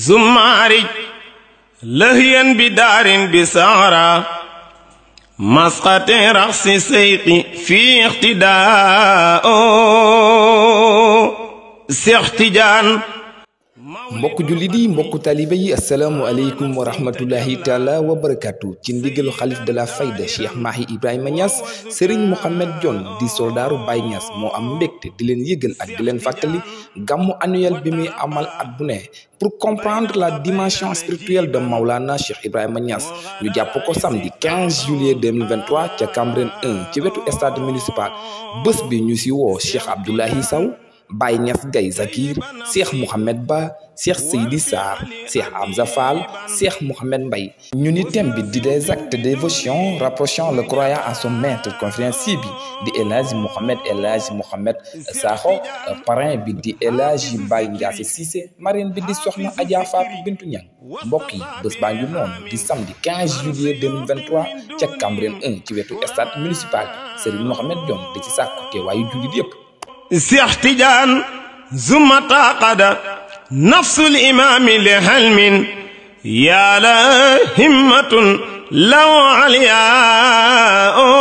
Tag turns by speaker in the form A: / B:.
A: زمارج لهيا بدار بسارة مسقط رأس سيقي في اقتداء
B: سيختجان mbokk jullit yi mbokk taalibe yi asalaamualeykum wa rahmatullahi taala wa barakaatu ci ndigalu xalif de la fayda cheikh Mahi Ibrahima Niass Serigne Mohamed Dione di soldaaru Baye Niass moo am mbégte di leen yëgal ak di leen fàttali gàmmu annuel bi muy amal at bu ne pour comprendre la dimension spirituelle de Maulana Cheikh Ibrahima Niass ñu jàpp ko samedi 15 juillet 2023 ca Cambérène 1 ci wetu stade municipal bés bi ñu si woo Cheikh Abdoulahi Sow Baye Niass Gaye Zakir Cheikh Mohamed Ba Cheikh Seydi Sarr Cheikh Hamza Fall Cheikh Mohamed Mbaye ñu ni thème des actes de dévotion rapprochant le croyant à son maître conférencier de di El Mohamed, Mohamed El Sakho parrain bi di El Hadji Baye Ndiassé Cissé Marine bi di Soxna Adja Bintou Niang mbokk yi du Monde, ngi samedi 15 juillet 2023 ca Cambérène 1 ci au stade municipal Mohamed Serigne de Dione qui ci au teewaayu du Diop. سيحتجان ثم تاقد نفس الإمام
A: لهلم يا لا همة لو علياء